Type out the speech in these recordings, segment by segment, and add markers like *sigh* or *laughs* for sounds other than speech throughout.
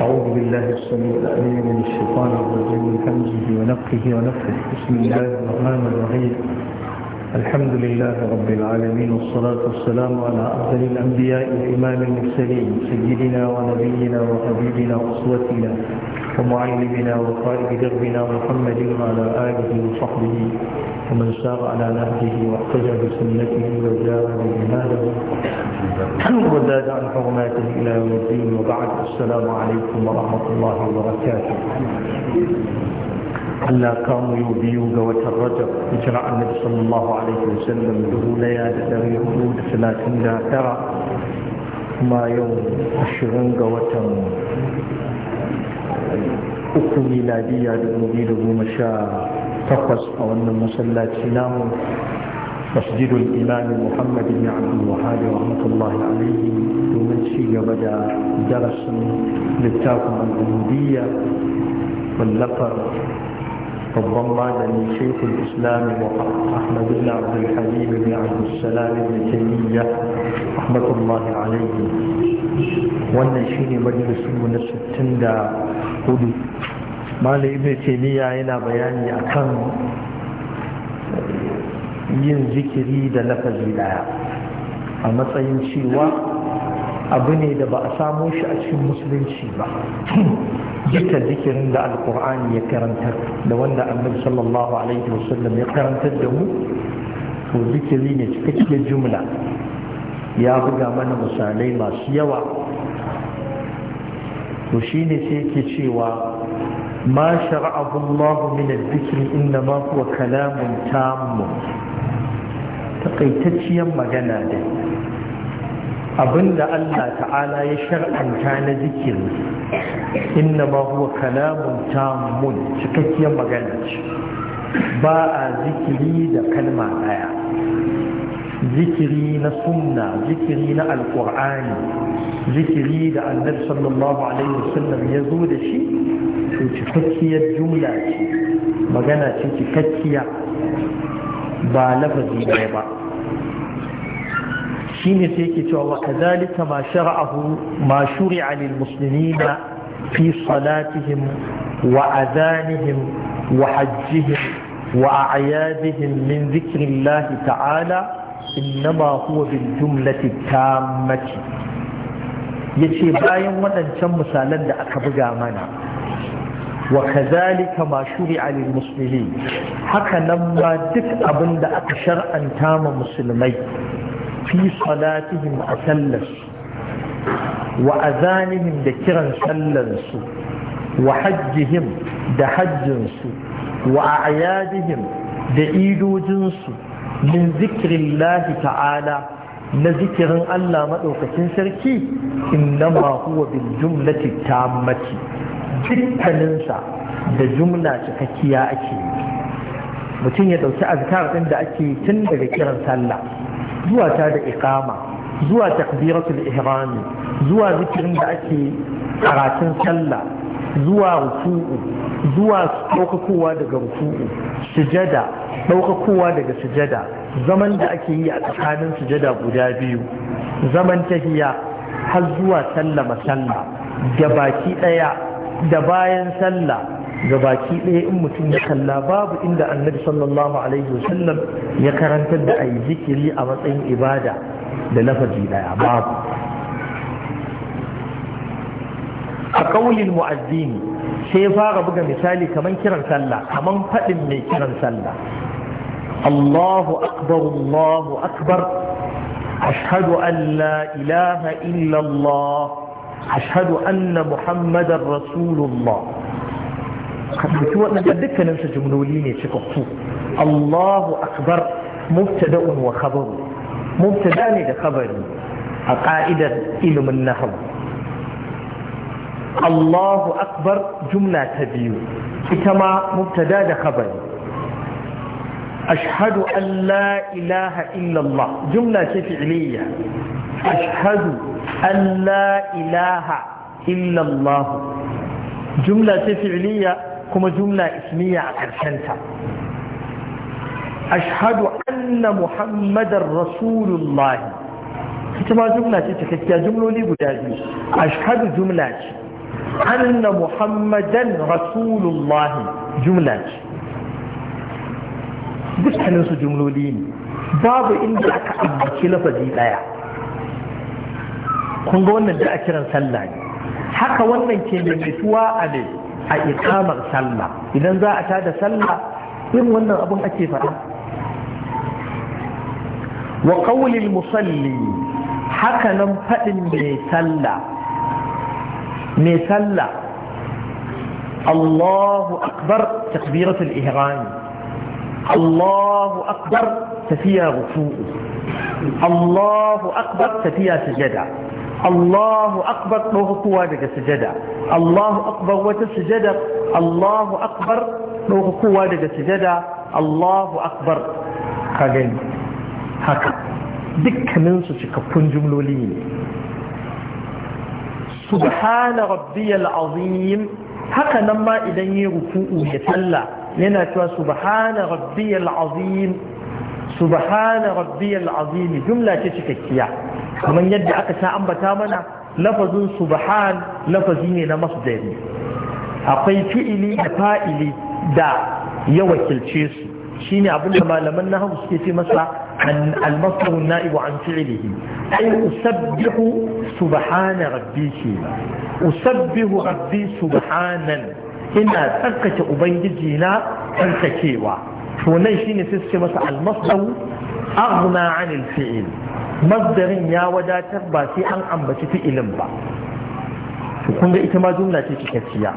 أعوذ بالله السميع العليم من الشيطان الرجيم من همزه ونفخه ونفخه بسم الله الرحمن الرحيم الحمد لله رب العالمين والصلاة والسلام على أفضل الأنبياء وإمام المرسلين سيدنا ونبينا وحبيبنا وأسوتنا ومعلمنا وقائد دربنا محمد وعلى آله وصحبه ومن سار على نهجه واقتدى بسنته وجاهد بماله وزاد عن حرماته إلى يوم الدين وبعد السلام عليكم ورحمة الله وبركاته ألا kamu yau قوة ga watan النبي صلى الله عليه وسلم له ليالي daya da dari hudu ترى ما يوم tara قوة uku miladiya dubu biyu da goma sha takwas a wannan masallaci namu مسجد الإمام محمد بن عبد الوهاب رحمة الله عليه ومن شيء بدأ درس للتاكم العبودية واللقر فضم لي شيخ الإسلام أحمد بن عبد الحليم بن عبد السلام بن تيمية رحمة الله عليه وأن شيء مجلس من الستين hudu malam ibn taymiya yana bayani akan yin zikiri da lafazi daya a matsayin cewa abu ne da ba a samo shi a cikin musulunci ba *clears throat* duka zikirin da alkur'ani ya karantar da wanda annabi sallallahu alaihi wasallam ya karantar da mu to zikiri ne cikakken jumla ya buga mana misalai masu yawa to shi ne sai yake cewa ma shara'ahu Allah min al-dhikr inna ma huwa kalamun tammu takaitacciyar magana dai abinda Allah ta'ala ya shar'anta na zikir inna ma huwa kalamun tammu cikakkiyar magana ce ba a zikiri da kalma daya ذكري السنة ذكري القرآن ذكري النبي صلى الله عليه وسلم يزود شيء تكتية الجملة مغانا تكتي بالفزي بيبا شين سيكي وكذلك ما شرعه ما شرع للمسلمين في صلاتهم وأذانهم وحجهم وأعيادهم من ذكر الله تعالى إنما هو بالجملة التامة يتي باين ودن كم مثالا لأكبر منا وكذلك ما شرع للمسلمين حكى لما دك أبن لأك شرعا تام مسلمي في صلاتهم أسلس وأذانهم ذكرا سلنس وحجهم دحجنس وأعيادهم da idojinsu min zikirin lahi ta'ala na zikirin Allah maɗaukacin sarki innama huwa bil jumlati tammati dukkaninsa da jumla cikakkiya ake yi mutum ya ɗauki azkar ɗin da ake tun daga kiran sallah zuwa ta da ikama, zuwa takbiratul ihrami zuwa zikirin da ake karatun sallah zuwa rufu'u zuwa ɗaukakowa daga ruku'u sujada kowa daga sujada zaman da ake yi a tsakanin sujada guda biyu zaman tahiya har zuwa sallama sallah da baki ɗaya da bayan sallah ga baki ɗaya in mutum ya kalla babu inda annabi sallallahu alaihi wasallam ya karantar da ayi zikiri a matsayin ibada da lafazi ɗaya babu a ƙaunin mu'azzini sai ya fara buga misali kamar kiran sallah kamar faɗin mai kiran sallah الله أكبر الله أكبر أشهد أن لا إله إلا الله أشهد أن محمد رسول الله تكفو الله أكبر مبتدأ وخبر مبتدأ لخبر قائدا إلى من نحو الله أكبر جملة تبيو كما مبتدأ لخبر أشهد أن لا إله إلا الله جملة فعلية أشهد أن لا إله إلا الله جملة فعلية كما جملة اسمية أكرشنتها أشهد أن محمد رسول الله كما جملة تكتيا جملة لي أشهد جملة أن محمدا رسول الله جملة dukkaninsu jumloli ne babu inda aka ambaci lafazi ɗaya kun ga wannan da a kiran sallah ne haka wannan ke maimaituwa a ne a ikamar sallah idan za a tada sallah irin wannan abin ake faɗa wa qawlil musalli haka nan faɗin mai sallah mai sallah Allahu akbar takbiratul ihrami Allahu akbar tafiya ruku'u Allahu akbar tafiya sujada Allahu akbar ɗaukakowa daga sujada Allahu akbar wata sujada Allahu akbar ɗaukakowa daga sujada Allahu akbar ka gani haka dukkaninsu cikakkun jumloli ne subhana rabbiyal azim haka nan ma idan yi ruku'u ya talla yana cewa subhana rabbiyal azim subhana rabbiyal azim jumla ce cikakkiya kamar yadda aka sa ambata mana lafazin subhan lafazi ne na masdari akwai fi'ili da fa'ili da ya wakilce su shine abin da malaman nahwu suke ce masa an al na'ibu an fi'lihi ay usabbihu subhana rabbi shi usabbihu rabbi subhanan ina tsarkake ubangiji na tsarkakewa to nan shine sai suke masa almasdaru aghna anil fi'il masdarin ya wadatar ba sai an ambaci fi'ilin ba kun ga ita ma jumla ce cikakkiya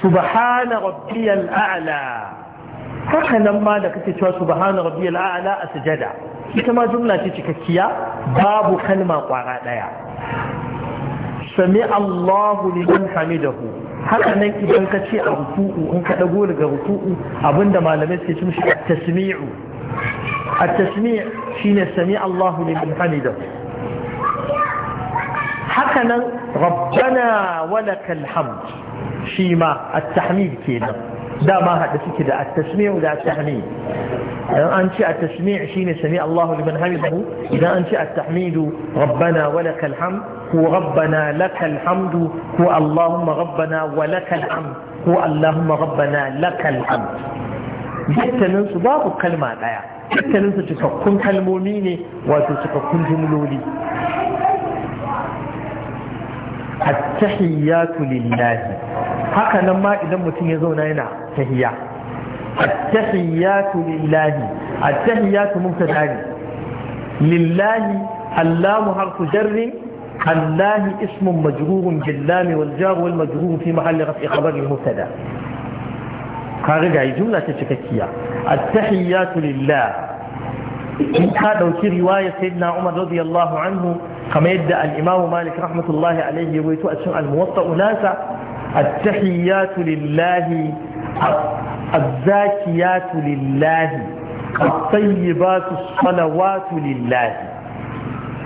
subhana rabbiyal a'la haka nan ma da kake cewa subhana rabbiyal a'la a sujada ita ma jumla ce cikakkiya babu kalma kwara daya sami Allahu liman hamidahu haka nan idan ka ce a ruku'u in ka dago daga ruku'u abinda malamai suke cin shi at-tasmi'u at-tasmi' shine sami Allahu liman hamidahu haka nan rabbana walakal hamd shi ma at-tahmid kenan dama hada suke da at-tasmi'u da at-tahmid idan an ce at-tasmi' shine sami Allahu liman hamidahu idan an ce at-tahmidu rabbana wa lakal hamd ko rabbana lakal hamdu ko Allahumma rabbana wa lakal hamd ko Allahumma rabbana lakal hamd babu kalma ɗaya, dukkanin su cikakkun kalmomi ne wato cikakkun jumloli at lillahi haka nan ma idan mutum ya zauna yana tahiyya التحيات لله التحيات مبتدا لله اللام حرف جر الله اسم مجرور باللام والجار والمجرور في محل رفع خبر المبتدا كارجا جملة تشككية التحيات لله هذا في رواية سيدنا عمر رضي الله عنه كما يدعى الإمام مالك رحمة الله عليه ويتوأسن الموطأ ناسا التحيات لله الزاكيات لله الطيبات الصلوات لله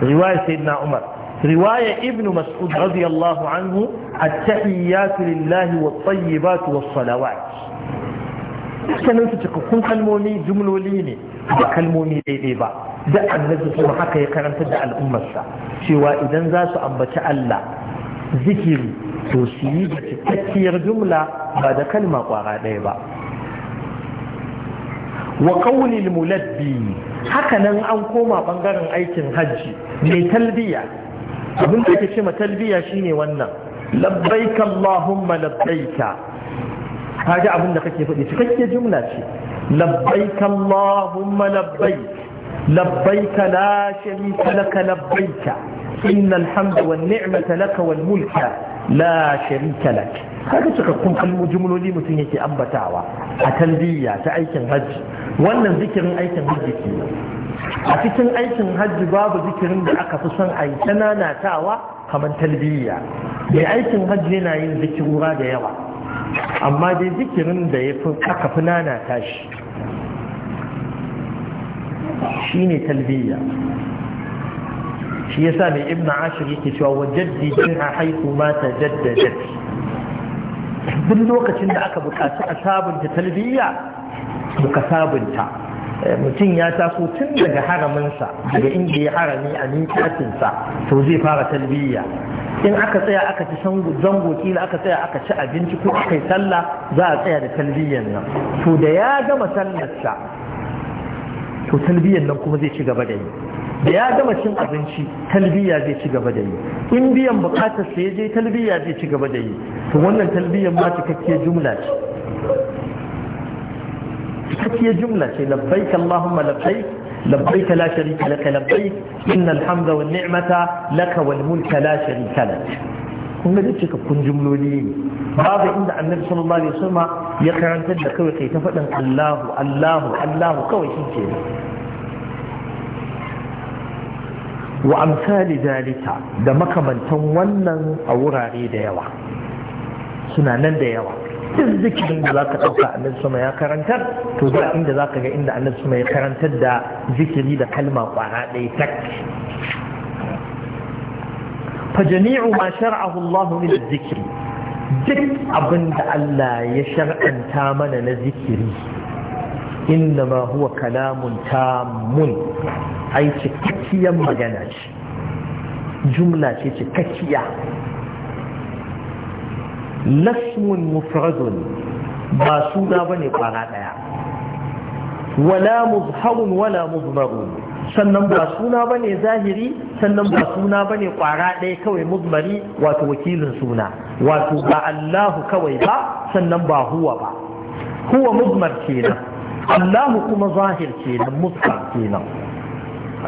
رواية سيدنا عمر رواية ابن مسعود رضي الله عنه التحيات لله والطيبات والصلوات sanin su cikakkun kalmomi jumloli ne da kalmomi daidai ba da annabi kuma haka ya karanta da al'ummarsa cewa idan za su ambaci Allah zikiri to su yi cikakkiyar jumla ba da kalma kwara ɗaya ba wa ƙaunin mulabbi haka nan an koma ɓangaren aikin hajji mai talbiya abin da ake ce ma talbiya shine wannan labbaika Allahumma labbaika kaji abin da kake faɗi cikakke jumla ce labbaika Allahumma labbaik labbaika la sharika laka labbaika innal hamda wan ni'mata laka wal mulka la sharika lak haka cikakkun kalmo jumloli mutum yake ambatawa a talbiya ta aikin hajji wannan zikirin aikin hajji ke a cikin aikin hajji babu zikirin da aka fi son a yi ta nanatawa kamar talbiya mai aikin hajji yana yin zikirura da yawa amma dai zikirin da ya fi aka fi nanata shi shine talbiya shi yasa mai ibn ashir yake cewa wa jaddi bin a haiku mata ta jaddada duk lokacin da aka buƙaci a sabunta talbiyya muka sabunta eh, mutum ya taso tun daga haraminsa daga inda ya harami a nikatinsa to zai fara talbiyya in aka tsaya aka ci zango kila aka tsaya aka ci abinci ko aka yi sallah za a tsaya da talbiyyan nan to da ya gama sallarsa to talbiyyan nan kuma zai ci gaba da yi da ya gama cin abinci talbiya zai ci gaba da yi in biyan bukatar sa ya talbiya zai ci gaba da yi to wannan talbiyan ma cikakkiyar jumla ce cikakkiyar jumla ce labbaik allahumma labbaik labbaik la sharika laka labbaik innal hamda wan ni'mata laka wal mulka la sharika lak kun ga cika kun jumloli ne babu inda annabi sallallahu alaihi wasallam ya karantar da kawai kai ta faɗin Allahu Allahu Allahu kawai shi ke wa amsali dalika da makamantan wannan a wurare da yawa suna nan da yawa duk zikirin da zaka ɗauka annabi sama ya karantar to ba inda zaka ga inda annabi sama ya karantar da zikiri da kalma kwara ɗaya tak fa jami'u ma shar'ahu Allah min zikiri duk abin da Allah ya shar'anta mana na zikiri إنما هو كلام تام أي تكتيا مجناش جملة تكتيا لسم مفرد باسونا بني قرانا ولا مظهر ولا مضمر sannan ba suna ba ne zahiri sannan ba suna ba ne kwara ɗaya kawai muzmari wato wakilin suna wato ba Allahu kawai ba sannan ba huwa ba huwa muzmar kenan Allah kuma zahir kenan muska kenan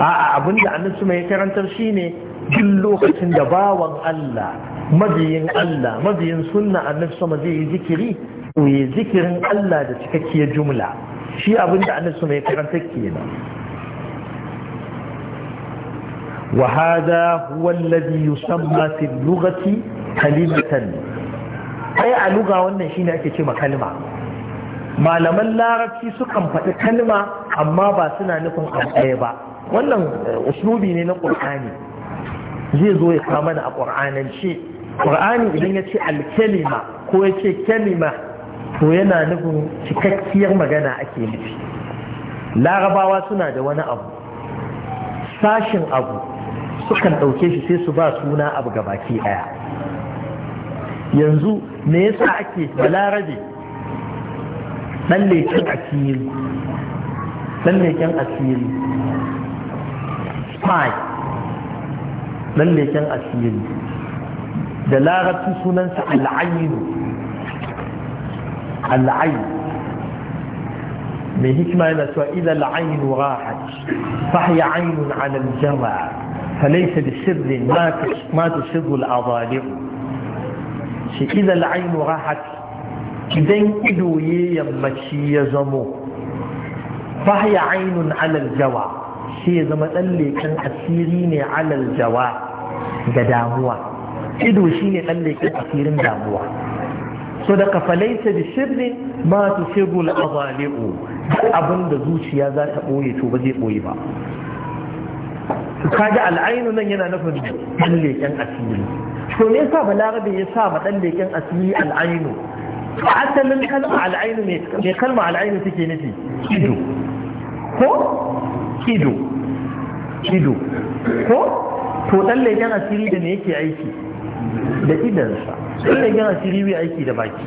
a'a abinda annabi mai karantar shine duk lokacin da bawan Allah mabiyin Allah mabiyin sunna annabi sama zai yi zikiri to yi zikirin Allah da cikakkiyar jumla shi abinda annabi mai karantar kenan وهذا هو الذي يسمى في اللغة كلمة أي اللغة shine ake نأتي كلمة malaman larabci sukan faɗi kalma amma ba suna nufin ɗaya ba wannan eh, uslubi ne na ƙur'ani zai zo ya kama da a ƙur'anance ƙur'ani idan ya ce alkalima ko ya ce kalima to yana nufin cikakkiyar magana ake nufi larabawa suna da wani abu sashin abu sukan ɗauke shi sai su ba suna abu gabaki ɗaya yanzu me yasa ake balarabe dan leken asiri dan leken asiri spy dan leken asiri da larabci sunansa al'ayinu al'ayin mai hikima yana cewa idan al'ayinu rahat fahya ainun alal jama'a فليس بسر ما تسر الأضالع إذا العين راحت idan ido ya yammaci ya zamo fahya ya ainun alal jawa sai ya zama ɗan leƙen asiri ne alal jawa ga damuwa ido shi ne ɗan leƙen asirin damuwa so da kafalaita da shirne ma su shirru al'azali'u abin da zuciya za ta ɓoye to ba zai ɓoye ba kaga al'ainu nan yana nufin ɗan leƙen asiri to me yasa balarabe ya sa ma ɗan leƙen asiri al'ainu asalin kalma al'ainu ne kalma al'ainu take nufi ido ko ido ido ko to dan leken asiri da ne yake aiki da idansa dan leken asiri bai aiki da baki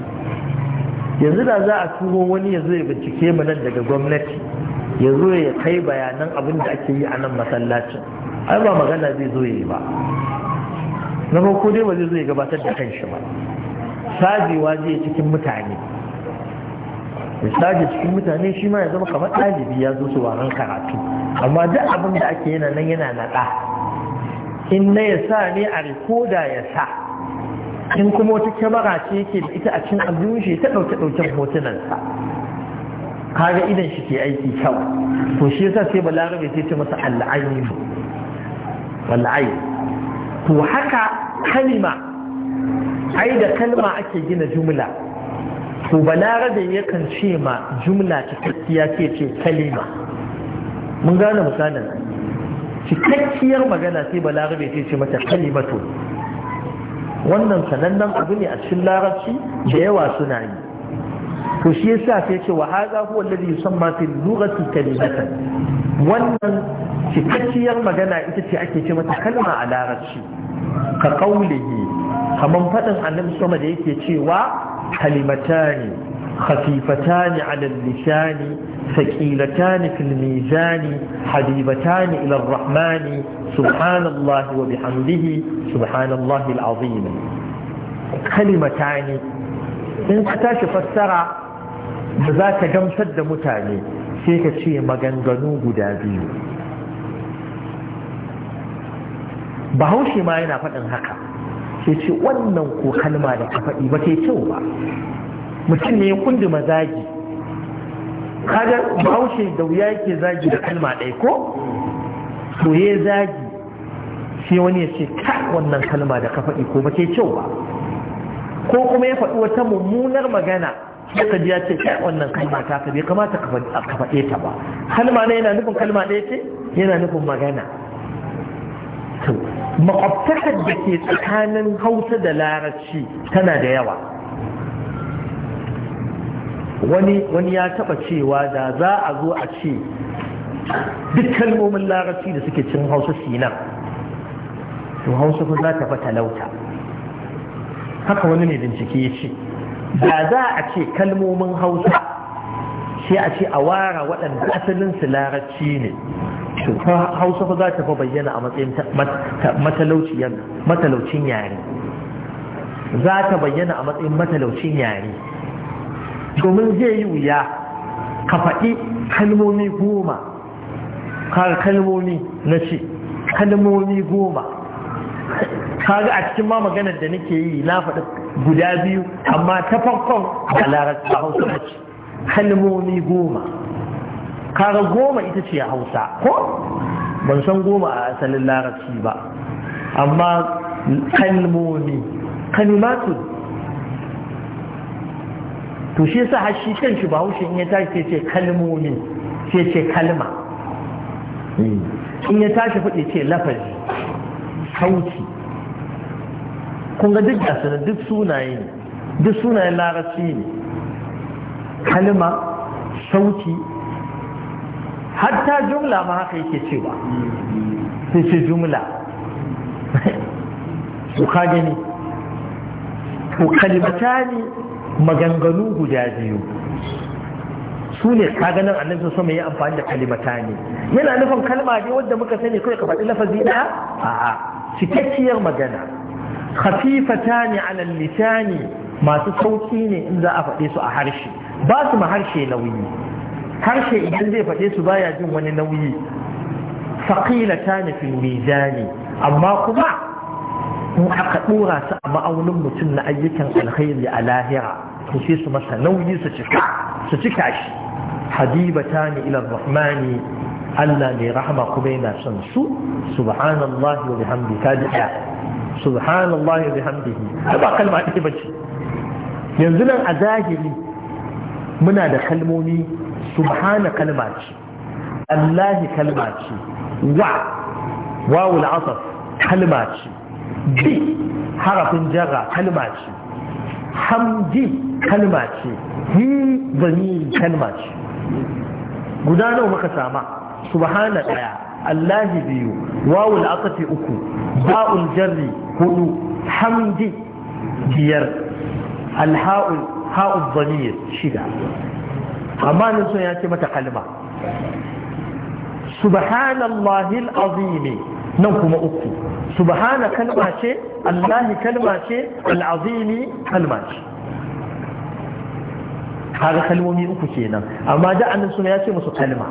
yanzu da za a turo wani ya zo ya bincike mu nan daga gwamnati ya zo ya kai bayanan abin da ake yi a nan masallacin ai ba magana zai zo ya yi ba na farko dai ba zai zo ya gabatar da kanshi ba sajewa zai cikin mutane ya saje cikin mutane shi ma ya zama kamar ɗalibi ya zo su waran karatu amma duk abin da ake yana nan yana naɗa in na ya sa ne a rikoda ya sa in kuma wata kyamara ce yake da ita a cikin abin shi ta ɗauke ɗauke hotunansa kaga idan shi ke aiki kyau to shi yasa sai balarabe sai ce masa al'ayyu to haka Halima. ai da kalma ake gina jumla to balarabe yakan ce ma jumla cikakkiya ce ce kalima mun gane misalin cikakkiyar magana sai balarabe ce ce mata kalimatu wannan sanannen abu ne a cikin larabci da yawa suna yi to shi yasa sai ce wa hadha huwa alladhi yusamma fil lughati kalimatan wannan cikakkiyar magana ita ce ake ce mata kalma a larabci ka kaulihi kamar fadin annabi sama da yake cewa kalimatani khafifatani ala lisani thaqilatani fil mizani habibatani ila ar-rahman subhanallahi wa bihamdihi subhanallahi al kalimatani in ka tashi fassara ba za ka gamsar da mutane sai ka ce maganganu guda biyu bahaushe ma yana faɗin haka ke ce wannan ko kalma da ka faɗi ba ke kyau ba mutum ne ya kundi mazagi kaga bahaushe da wuya yake zagi da kalma ɗaya ko to ya zagi sai wani ya ce ka wannan kalma da ka faɗi ko ba ke kyau ba ko kuma ya faɗi wata mummunar magana ya ji ya ce ta, wannan kalma ta ka bai kamata ka faɗe ta ba kalma ne yana nufin kalma ɗaya ce yana nufin magana makwabtakar da ke tsakanin hausa da larabci tana da yawa wani ya taba cewa da za a zo a ce duk kalmomin larabci da suke cin hausa sinan to hausa fa za ta fa talauta haka wani ne bincike ya ce da za a ce kalmomin hausa sai a ce a wara waɗanda asalinsu larabci ne hausa fa za ta fa bayyana a matsayin matalauciyar matalaucin yare za ta bayyana a matsayin matalaucin yare domin zai yi wuya ka faɗi kalmomi goma har kalmomi na ce kalmomi goma kaga a cikin ma maganar da nake yi na faɗi guda biyu amma ta farkon a larabci a hausa kalmomi goma kaga goma ita ce a hausa ko ban san goma a asalin larabci ba amma kalmomi kalmatu to shi yasa har shi ba haushin in ya tashi sai ce kalmomi sai ce kalma in ya tashi faɗi ce lafazi sauti kun ga duk gasanin duk sunaye ne duk sunayen larabci ne kalma sauti hatta jumla ma haka yake cewa sai ce jumla su *laughs* gani kalimata ne maganganu guda biyu su ne kaganan annabta sama yi amfani da kalimata ne yana nufin kalma ne wadda muka sani kawai ka faɗi lafazi ɗaya a'a cikakkiyar magana khafifata ne alal ne masu sauki ne in za a faɗe su a harshe ba su ma harshe nauyi harshe idan zai faɗe su baya jin wani nauyi faƙila ta nufin mizani amma kuma in aka ɗora su a ma'aunin mutum na ayyukan alkhairi a lahira to sai su masa nauyi su cika su cika shi habiba ta ni ila rahmani Allah mai rahama kuma yana son su subhanallah wa bihamdi ka ji subhanallah wa bihamdihi ta ba kalma ɗaya bace yanzu nan a zahiri muna da kalmomi subhana kalma ce allahi kalma ce wa wawul asaf kalma ce bi harafin jara kalma ce hamdi kalma ce hi zamiri kalma ce guda nawa muka sama subhana daya allahi biyu wawul asafi uku ba'ul jarri hudu hamdi biyar alha'ul ha'ul zamir shida amma nan ya ce mata kalma subhanallahil azimi nan kuma uku subhana kalma ce allahi kalma ce al'azimi kalma ce kaga kalmomi uku kenan amma da annan sun ya ce musu kalma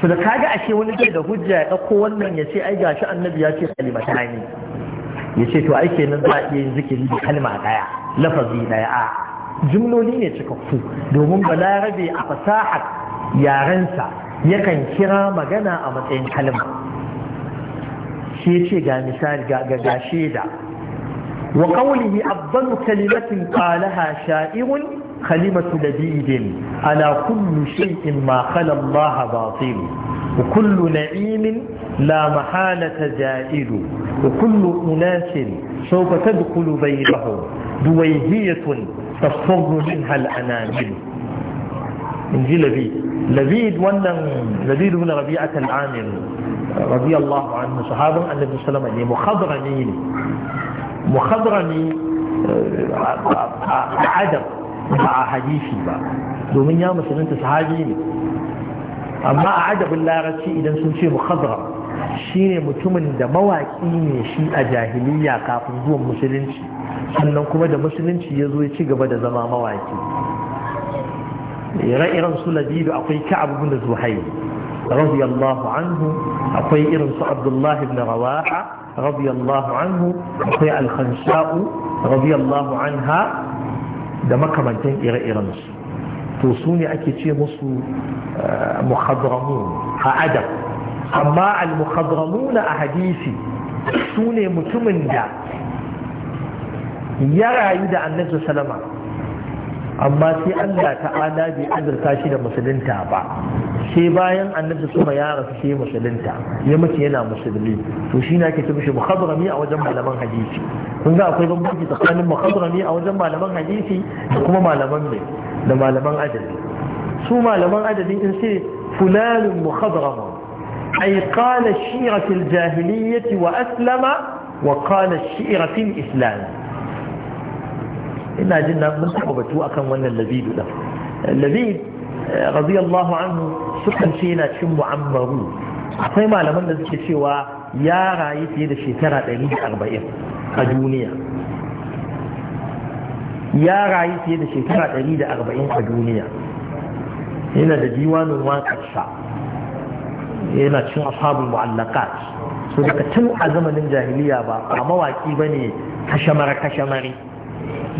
su da kaga ashe wani zai da hujja ya ɗauko wannan ya ce ai gashi annabi ya ce ta ne ya ce to ai kenan za a iya yin zikiri kalma ɗaya lafazi ɗaya a'a jumloli ne cikakku domin balarabe a fasahar yarensa yakan kira magana a matsayin kalma shi ce ga misali ga shaida wa qawlihi afdalu kalimatin qalaha sha'irun kalimatu labidin ala kullu shay'in ma khala Allah batil wa kullu na'imin la mahalata za'idu wa kullu unasin sawfa tadkhulu bainahum duwayhiyatun تصفر منها الأنامل من جي لبيد لبيد وانا لبيد بن ربيعة العامل رضي الله عنه صحابة النبي صلى الله عليه وسلم مخضرني مخضرني آه، آه، عدم مع حديثي بقى دومين يا مسلمين تصحابي أما عدم الله رسي إذا سنشي ce shine mutumin da mawaƙi ne shi a jahiliya kafin zuwan musulunci sannan kuma da musulunci ya zo ya ci gaba da zama mawaƙi ire-iren su labidu akwai ka'ab ibn zuhayr radiyallahu anhu akwai irin su abdullahi ibn rawaha radiyallahu anhu akwai al-khansha'u radiyallahu anha da makamantan ire-iren su to su ne ake ce musu eh, muhadramun a adab amma al-mukhabramuna a hadisi su ne mutumin da ya rayu da annabi salama amma sai Allah ta'ala bai azurta shi da musulunta ba sai bayan annabi kuma ya rasu sai musulunta ya mace yana musulmi to shi na ke tafi shi muhadrami a wajen malaman hadisi kun ga akwai bambanci tsakanin muhadrami a wajen malaman hadisi da kuma malaman ne da malaman adadi su malaman adadi in sai fulanun muhadramun أي قال الشيرة الجاهلية وأسلم وقال الشيرة الإسلام إنها جنة من صحبة وأكم وأن اللذيد له اللذيد آه، رضي الله عنه سكن فينا شم عمرو أخي ما لمن ذلك شوى يا رأي يد هذا الشيء ترى تأليه أربعين أدونية يا رأي يد هذا الشيء ترى تأليه أربعين أدونية هنا ديوان واقع الشعب yana cin ashabul mu'allaqat so daga tun a zamanin jahiliya ba a mawaki bane kashamar kashamari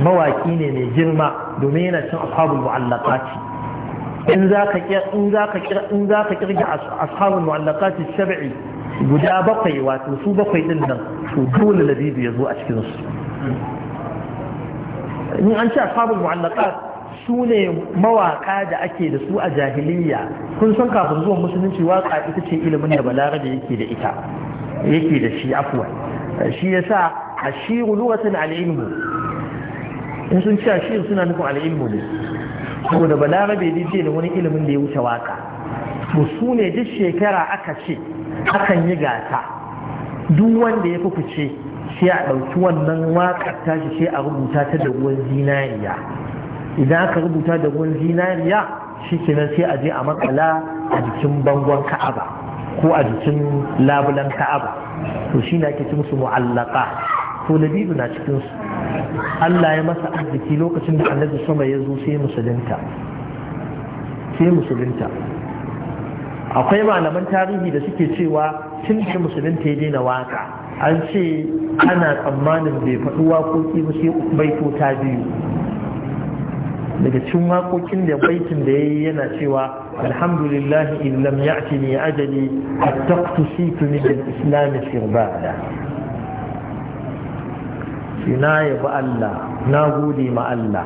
mawaki ne mai girma domin yana cin ashabul mu'allaqat in za ka kirga ashabul mu'allaqati sab'i guda bakwai wato su bakwai din nan to dole labibi ya zo a cikin su in an ce ashabul mu'allaqat su ne mawaka da ake da su a jahiliya kun san kafin zuwan musulunci waka ita ce ilimin da balarabe yake da ita yake da shi afuwa shi ya sa a shi al al'ilmu in sun ci a shi suna nufin al'ilmu ne. ne saboda balarabe bai ce da wani ilimin da ya wuce waka to su ne duk shekara aka ce akan yi gata duk wanda ya fi fice sai a ɗauki wannan waka tashi sai a rubuta ta da ruwan zinariya idan aka rubuta da ruwan zinariya shi kenan sai a je a makala a jikin bangon ka'aba ko a jikin labulan ka'aba to shi na ke ci mu'allaka to labibu na cikinsu Allah ya masa arziki lokacin da annabi sama ya zo sai musulunta sai musulunta akwai malaman tarihi da suke cewa tun da musulunta ya daina waka an ce ana tsammanin bai faɗi waƙoƙi ba sai baito ta biyu daga cikin waƙoƙin da baitin da yayi yana cewa alhamdulillah in lam ya'tini ajali attaqtu situ min al da. Ina na yabi Allah na gode ma Allah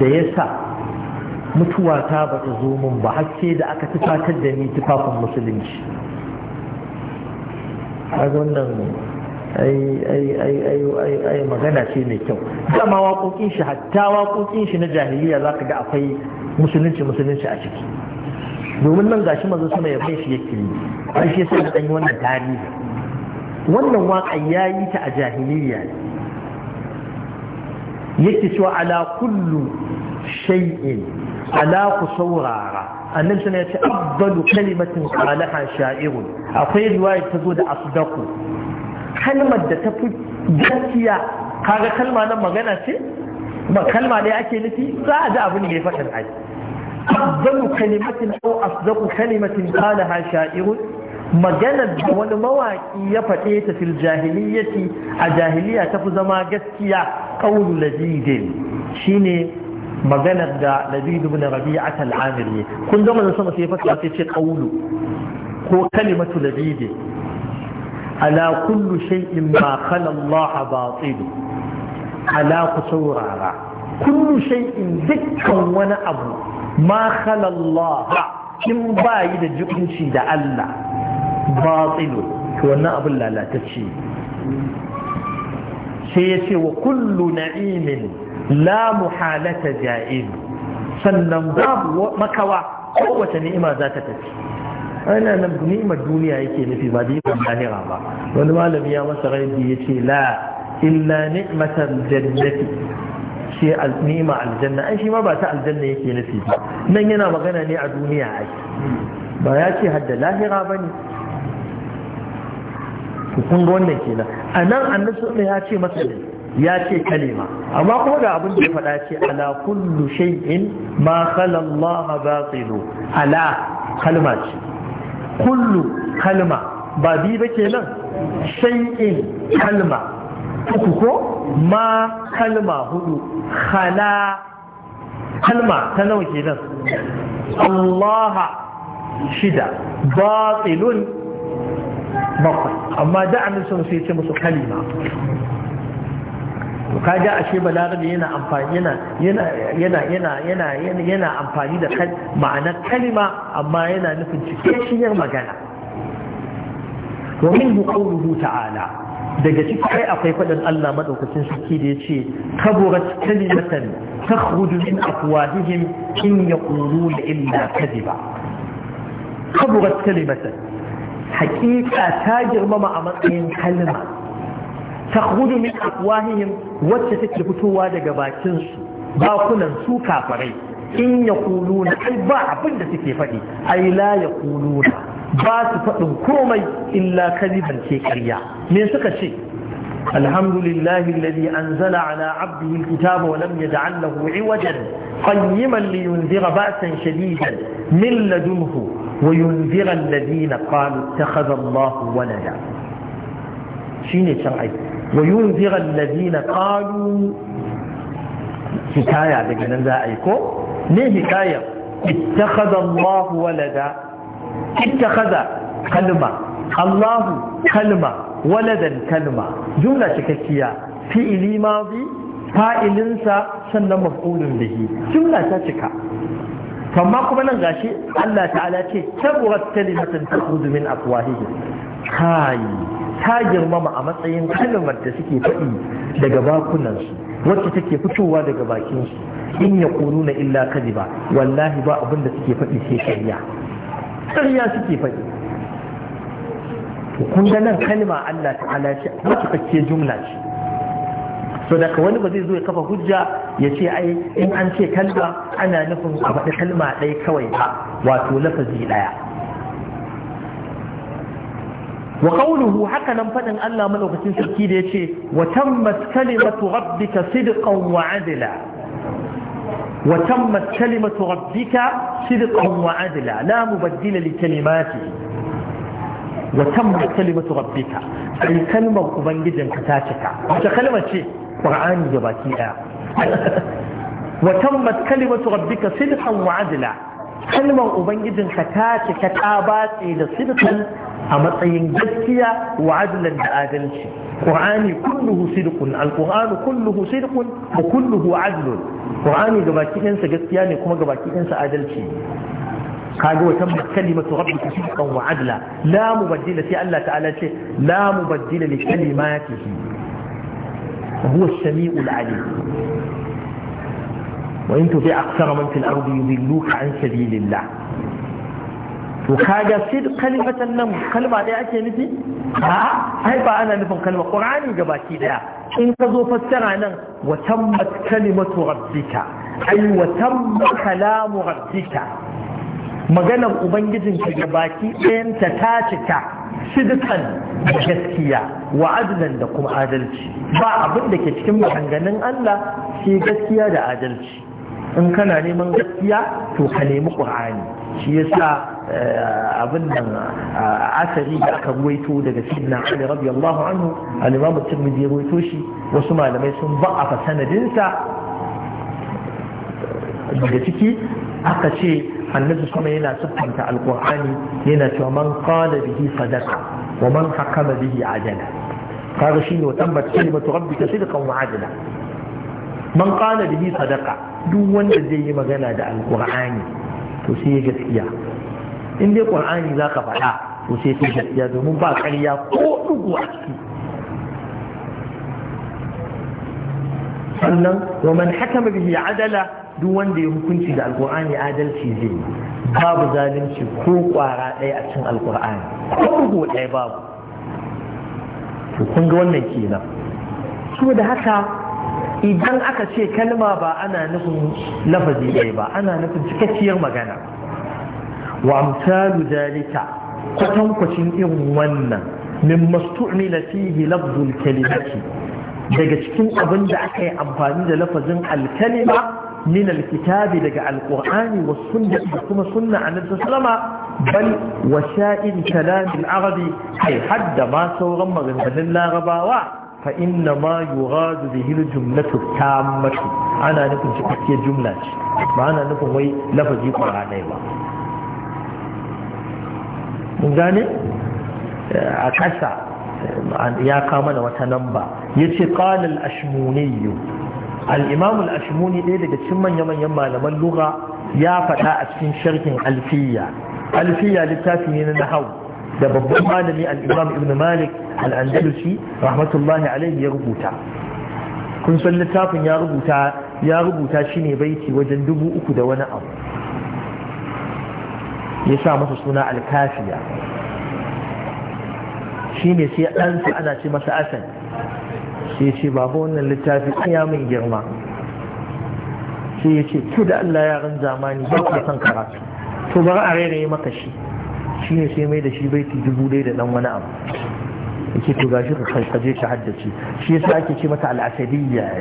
da yasa mutuwa ta bata zo min ba har sai da aka tufatar da ni tufafin musulunci a wannan ai magana ce mai kyau dama waƙoƙin shi hatta waƙoƙin shi na jahiliya za ka ga akwai musulunci musulunci a ciki domin nan gashi mazo sama ya bai shi ya kiri an shi sai da yi wannan tarihi wannan waƙa ya yi ta a jahiliya ne yake cewa ala kullu shay'in ala ku saurara annan suna ya ce afdalu kalimatin qalaha sha'irun akwai riwaya ta zo da asdaku kalmar da ta fi gaskiya kaga kalma nan magana ce ba kalma ne ake nufi za a ji abin da ya faɗin ai afzalu kalimatin ko afzalu kalimatin ha sha'irun maganar da wani mawaƙi ya faɗe ta fil jahiliyyati a jahiliya ta fi zama gaskiya qawlu ladidin shine maganar da labidu bin rabi'at al-amiri kun zama da sama sai fasa sai ce qawlu ko kalimatu ladidin ala kullu shay'in ma khala Allah batil ala ku saurara kullu shay'in dukkan wani abu ma khala Allah in ba da jibinci da Allah batilu to wannan abin lalatacce sai ya wa kullu na'imin la muhalata ja'id sannan babu makawa kowace ni'ima za ta tafi ana nan ni'imar duniya yake nufi ba ni'imar lahira ba wani malami ya masa raidi ya ce la illa ni'matar jannati ce ni'ima aljanna ai shi ma ba ta aljanna yake nufi ba nan yana magana ne a duniya ai ba ya ce hadda lahira ba ne kun ga wannan kenan a nan annabi ya ce masa ne ya ce kalima amma kuma da abin da ya faɗa ce ala kullu shay'in ma khala Allah ala kalma ce kullu kalma ba bi ba kenan shay'in kalma uku ko ma kalma hudu khala kalma ta nawa kenan Allaha shida batilun bakwai amma da amin sun sai ce musu kalima Ka ga ashe balarabe yana amfani yana yana yana yana yana amfani da ma'anar kalima amma yana nufin cikakkiyar magana wa minhu qawluhu ta'ala daga ciki kai akwai faɗan Allah madaukakin sarki da yace kaburat kalimatan takhruju min afwahihim in yaquluna illa kadhiba kaburat kalimatan haqiqa ta girmama a matsayin kalma ta hudu min afwahihim wacce take fitowa daga bakin su bakunan su kafarai in ya kuluna ai ba abin da suke faɗi ai la ya kuluna ba su faɗin komai illa kaliban ke karya me suka ce alhamdulillahi alladhi anzala ala abdihi alkitaba wa lam yaj'al lahu iwajan qayyiman liyunzira ba'san shadidan min ladunhu wa yunzira alladhina qalu ittakhadha allahu walada shine can aiki وينذر الذين قالوا حكاية دقنا ذائكو ليه حكاية اتخذ الله ولدا اتخذ كلمة الله كلمة ولدا كلمة جملة شككية فئل ماضي فائل انسى سنة مفعول به جملة شككة فما قبل غاشي الله تعالى كبرت كلمة تخرج من أفواههم tayi ta girmama a matsayin kalmar da suke faɗi daga bakunansu wacce take fitowa daga bakinsu in ya na illa kadiba wallahi ba abin da suke faɗi sai ƙarya ƙarya suke faɗi kun ga nan kalma Allah ta'ala ce wacce jumla ce so daga wani ba zai zo ya kafa hujja ya ce ai in an ce kalma ana nufin a faɗi kalma ɗaya kawai ba wato lafazi ɗaya wa qawluhu haka nan fadin Allah malaukakin sarki da yace wa tammat kalimatu rabbika sidqan wa adla wa tammat kalimatu rabbika sidqan wa adla la mubaddila li kalimatihi wa tammat kalimatu rabbika ai kalmar ka ta cika wata kalma ce qur'ani da baki daya wa tammat kalimatu rabbika sidqan wa adla kalmar ka ta cika ta batse da sidqan a matsayin gaskiya wa adlan da adalci qur'ani kulluhu sidqun alqur'anu kulluhu sidqun wa kulluhu adlun qur'ani gabaki ɗansa gaskiya ne kuma gabaki ɗansa adalci kaga wata kalimatu rabbika sidqan wa adla la mubaddila sai Allah ta'ala ce la mubaddila li kalimatihi huwa as-sami'ul 'alim wa in tuti aktsara man fil ardi yudilluka an sabilillah to kaga sid kalmatan nan kalma daya ake nufi a ai ba ana nufin kalma qur'ani gabaki daya in ka zo fassara nan wa tammat kalimatu rabbika ai wa tamma kalamu rabbika maganar ubangijinka gabaki ɗayan ta ta cika sidqan gaskiya wa adlan da kuma adalci ba abin da ke cikin maganganun Allah sai gaskiya da adalci in kana neman gaskiya to ka nemi qur'ani shi yasa abin nan asari da aka ruwaito daga sidna ali radiyallahu anhu al-imam at-tirmidhi ruwaito shi wasu malamai sun ba'afa sanadinsa daga ciki aka ce annabi kuma yana siffanta alqur'ani yana cewa man qala bihi sadaqa wa man hakama bihi ajala kaga shine wa tabbat kalimatu rabbika sidqan wa adla man qala bihi sadaqa duk wanda zai yi magana da alqur'ani to sai gaskiya in dai ƙwar'ani za ka faɗa to sai fi gaskiya domin ba ƙarya ko dugu a ciki sannan roman haka hakama bihi adala duk wanda ya hukunci da alƙwar'ani adalci zai babu zalunci ko ƙwara ɗaya a cikin alƙwar'ani ko dugu ɗaya babu to kun ga wannan kenan so da haka idan aka ce kalma ba ana nufin lafazi ɗaya ba ana nufin cikakkiyar magana wa amsalu dalika kwatankwacin irin wannan min mastu'mila fihi lafzul kalimati daga cikin abinda aka yi amfani da lafazin alkalima min alkitabi daga alqur'ani wa sunna da kuma sunna annabi sallama bal wa sha'ir kalam al-arabi kai hadda ma sauran maganganun larabawa fa inna ma yuradu bihi al-jumlatu tammatu ana nufin cikakkiyar jumla ce ba ana nufin wai lafazi kwara ɗaya ba mun gane eh, a ƙasa eh, ya kama da wata namba ya ce ƙalal ashmuniyu Al'imamul al'ashmuni ɗaya daga cikin manya-manyan malaman lura ya faɗa a cikin sharkin alfiya alfiya littafi ne na hau da babban malami al'imam ibn malik al'andalusi rahmatullahi alaihi ya rubuta kun san littafin ya rubuta ya rubuta shi ne baiti wajen dubu uku da wani abu ya sa masa suna alkafiya shi ne sai ɗansa ana ce masa asan sai ce babu wannan littafi an ya min girma sai ya ce to da Allah yaran zamani ba ku son karatu to bari a rairaye maka shi shi ne sai mai da shi baiti dubu ɗaya da ɗan wani abu yake to gashi ka kaje ka haddace shi yasa ake ce mata al'asadiyya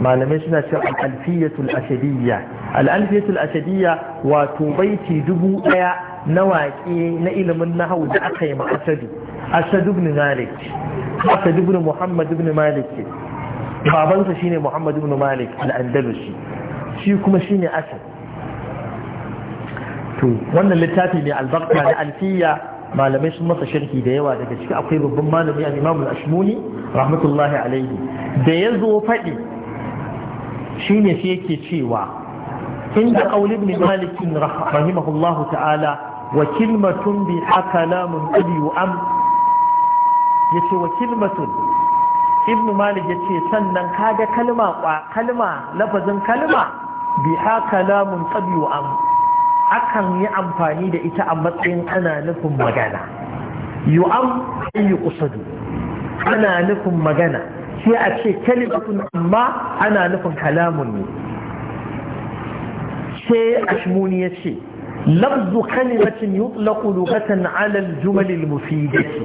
malamai suna cewa alfiyatul ashadiyya alfiyatul ashadiyya wato baiti dubu daya na waƙe na ilimin nahawu da aka yi ma asadu asadu ibn malik asadu ibn muhammad ibn malik babansa shine muhammad ibn malik al-andalusi shi kuma shine asad to wannan littafi ne albarka na alfiya malamai sun masa sharhi da yawa daga ciki akwai babban malami al-imam al-ashmuni rahmatullahi alaihi da ya zo faɗi ne sai yake cewa inda qaul ibn Malikin rahimahullahu ta'ala wa kalimatun bi hakalamun qadi am yace wa kalimatun ibn malik ya ce, sannan kaga kalma kalma lafazin kalma bi hakalamun qadi am akan yi amfani da ita a matsayin ana nufin magana yu'am ayyuqsadu ana nufin magana sai a ce kalimatun amma ana nufin kalamun ne sai ashmuni ya ce lafzu kalimatin yutlaqu lughatan ala al mufidati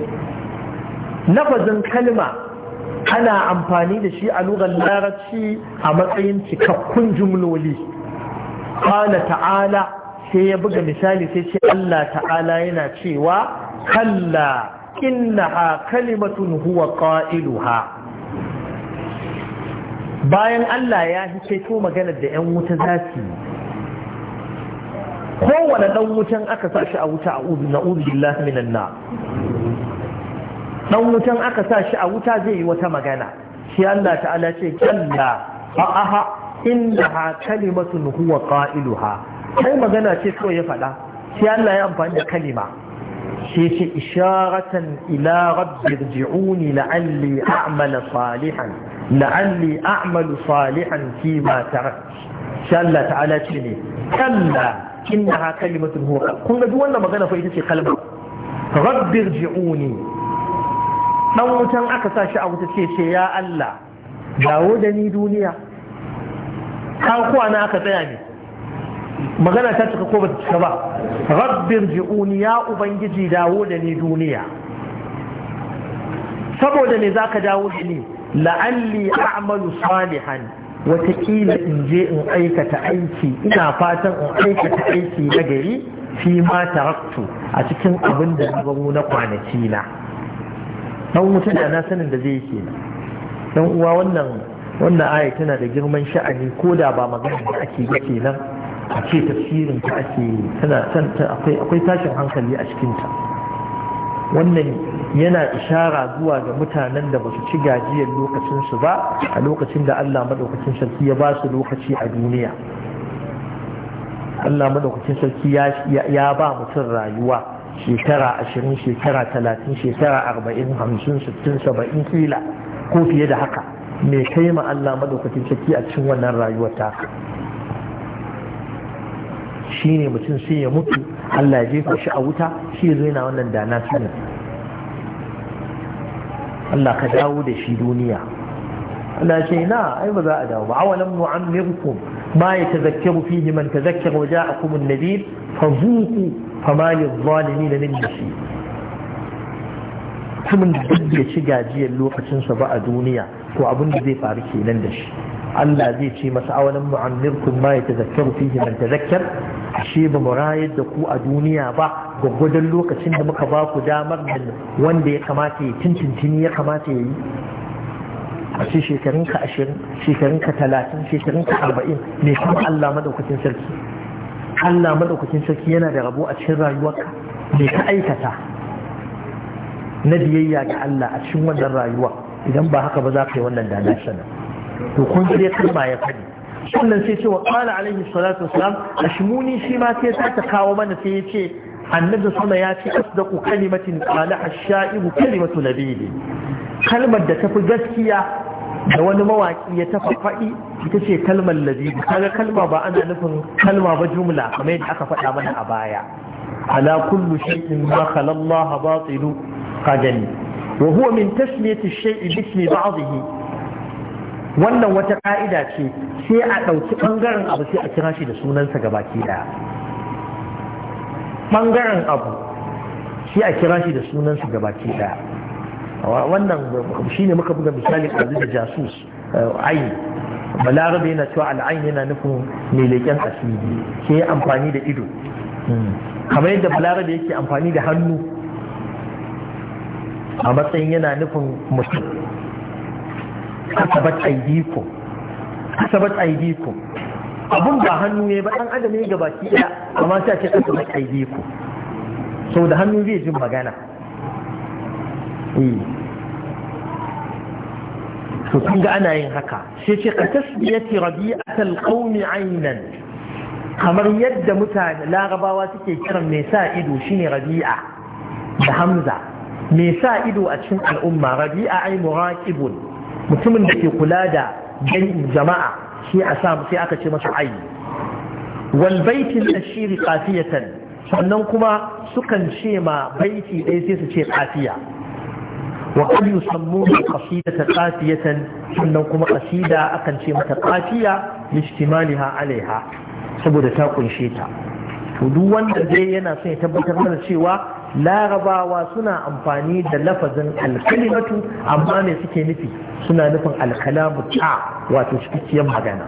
lafazin kalma ana amfani da shi a lugar larabci a matsayin cikakkun jumloli qala ta'ala sai ya buga misali sai ce Allah ta'ala yana cewa kalla innaha kalimatun huwa qailuha bayan Allah ya hikaito maganar da 'yan wuta za su yi kowane ɗan wutan aka sa shi a wuta a uzu na uzu minan na ɗan wutan aka sa shi a wuta zai yi wata magana shi Allah ta'ala ce kalla a aha inda ha kalimatun huwa qailuha kai magana ce kawai ya faɗa shi Allah ya amfani da kalima sai ce isharatan ila rabbi irji'uni la'alli a'mala salihan la'alli a'malu salihan fi ma tarak shi ta'ala ce ne kalla innaha kalimatun huwa kun ga duk wannan magana fa ita ce kalma rabbir ji'uni dan wutan aka sa shi a wuta ce ce ya Allah dawo da ni duniya ka na aka tsaya ne magana ta cika ko ba ta cika ba rabbir ji'uni ya ubangiji dawo da ni duniya saboda me zaka dawo da ni la'alli a'malu salihan watakila in je in aikata aiki ina fatan in aikata aiki na gari fi ma taraktu a cikin abin da na na kwanaki na dan mutum da na sanin da zai ke dan uwa wannan wannan aya tana da girman sha'ani ko da ba magana da ake yi kenan a ce tafsirin ta ake tana akwai tashin hankali a cikinta wannan yana ishara zuwa ga mutanen da ba su ci gajiyar lokacinsu ba a lokacin da Allah maɗaukacin sarki ya ba su lokaci a duniya Allah maɗaukacin sarki ya ba mutum rayuwa shekara ashirin shekara talatin shekara arba'in hamsin sittin saba'in kila ko fiye da haka me kai ma Allah maɗaukacin sarki a cikin wannan rayuwar taka shine mutum sai ya mutu Allah ya jefa shi a wuta shi ya zo yana wannan da na sani Allah ka dawo da shi duniya Allah ce na ai ba za a dawo ba awalam nu'ammirkum ma yatazakkaru fihi man tazakkara wa ja'akum an-nadhir fazuqu fama lidh-dhalimin min nashir mutumin da duk ya ci gajiyar lokacinsa ba a duniya ko abin da zai faru kenan da shi Allah zai ce masa a wani awalan mu'ammirkum ma yatazakkaru fihi man tazakkar ashe ba mu rayar da ku a duniya ba gwaggwadon lokacin da muka ba ku damar da wanda ya kamata ya tintintini ya kamata ya yi a ce shekarun ka ashirin shekarun ka talatin shekarun ka arba'in me kuma Allah madaukakin sarki Allah madaukakin sarki yana da rabo a cikin rayuwarka me ka aikata na biyayya ga Allah a cikin wannan rayuwa idan ba haka ba za ka yi wannan dana sana'a. to kun ji kalma ya fadi sannan sai ce wa qala alaihi salatu wassalam ashmuni shi ma sai ta kawo mana sai ya ce annabi sama ya ce asdaqu kalimatin qala ash-sha'ibu kalimatu nabiyyi kalmar da tafi gaskiya da wani mawaki ya tafa faɗi ita ce kalmar labibi kaga kalma ba ana nufin kalma ba jumla kamar yadda aka faɗa mana a baya ala kullu shay'in ma khala Allah batilu qadani wa huwa min tasmiyati shayi bi ba'dihi wannan wata ka'ida ce sai a ɗauki ɓangaren abu sai a kira shi da sunansa baki ɗaya ɓangaren abu sai a kira shi da sunansa baki ɗaya wannan shi ne muka buga misali a da jasus eh, ayi balarabe yana cewa al'ain yana nufin mai leƙen asiri sai amfani da ido hmm. kamar yadda balarabe yake amfani da hannu a matsayin yana nufin mutum kasabat aidikum kasabat aidikum abun ba hannu ne ba dan adam ne gabaki daya amma sai ce kasabat aidikum sau da hannu zai ji magana eh. to kun ga ana yin haka sai ce ka tasbiyati rabi'atal qaumi aynan kamar yadda mutane larabawa suke kiran mai sa ido shine rabi'a da hamza mai sa ido a cikin al'umma rabi'a ay muraqibun mutumin da ke kula da jama'a shi a samu sai aka ce masa ayi wal baitin ashiri qafiyatan sannan kuma sukan ce ma baiti ɗaya sai su ce qafiya wa qad yusammuna qasidatan qafiyatan sannan kuma qasida akan ce mata qafiya lishtimaliha alaiha saboda ta kunshe ta to duk wanda dai yana son ya tabbatar mana cewa larabawa suna amfani da lafazin alkalimatu amma me suke nufi suna nufin alkalamu ta wato cikakkiyar magana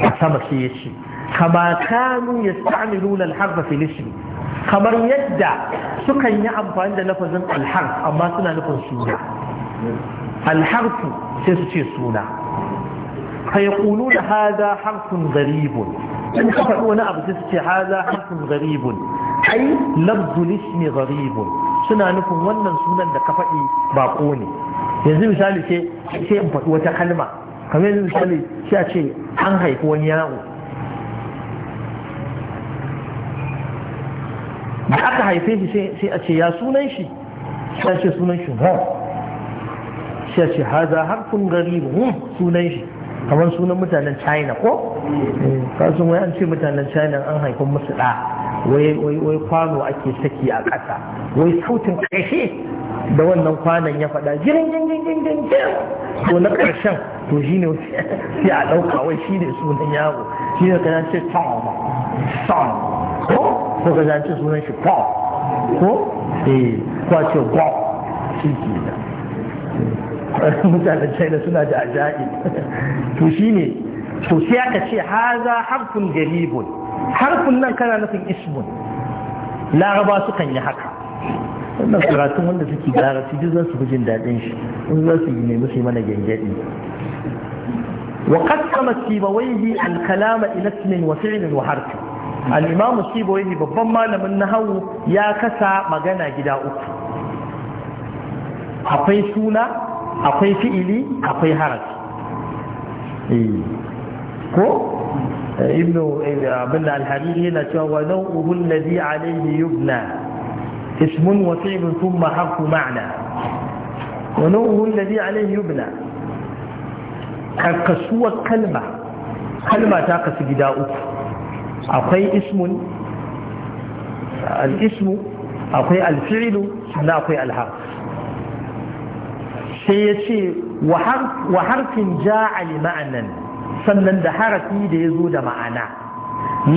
a sama sai ya ce kama kanu ya sami nuna alharfa filishi kamar yadda sukan yi amfani da lafazin alhar, amma suna nufin suna alharfu sai su ce suna fa da hadha harfin gharibun in faɗi wani abu sai su ce haza harfin gharibun ai labdul ismi gharibun suna nufin wannan sunan da ka faɗi bako ne yanzu misali ce sai in faɗi wata kalma kamar yanzu misali sai a ce an haifi wani yaro da aka haife shi sai a ce ya sunan shi sai a ce sunan shi sai a ce haza harfin gharibun hmm, sunan shi kamar sunan mutanen china ko eh, kasan wai an ce mutanen china an haifin musu da wai kwano ake saki a ƙasa wai sautin ƙarshe da wannan kwanan ya faɗa jirin jirin jirin to na ƙarshen to shi ne *laughs* sai a ɗauka wai shi ne sunan yaro shi ne kana ce tom tom ko ko ka zance sunan shi pom ko eh ko a ce shi ke *laughs* mutanen china suna da aja'i to ne, to sai aka ce haza harfun garibun harfun nan kana nufin ismun laraba kan yi haka wannan karatun wanda suke gara su ji za su fi jin daɗin shi in za su yi nemi su mana gyangyaɗi Alkalama قام سيبويه wa إلى wa وفعل وحرف الإمام سيبويه babban malamin نهو ya kasa magana gida uku, akwai suna. akwai fi'ili akwai harafi eh. ko eh, ibnu eh, abin al-hariri yana cewa wa nau'uhu alladhi alayhi yubna ismun wa fi'lun thumma harfu ma'na wa nau'uhu alladhi alayhi yubna karkasuwar kalma kalma ta kasu gida uku akwai ismun al-ismu akwai al-fi'lu sannan akwai al-harf sai ya ce wa harfin ja ma'anan sannan da harafi da ya zo da ma'ana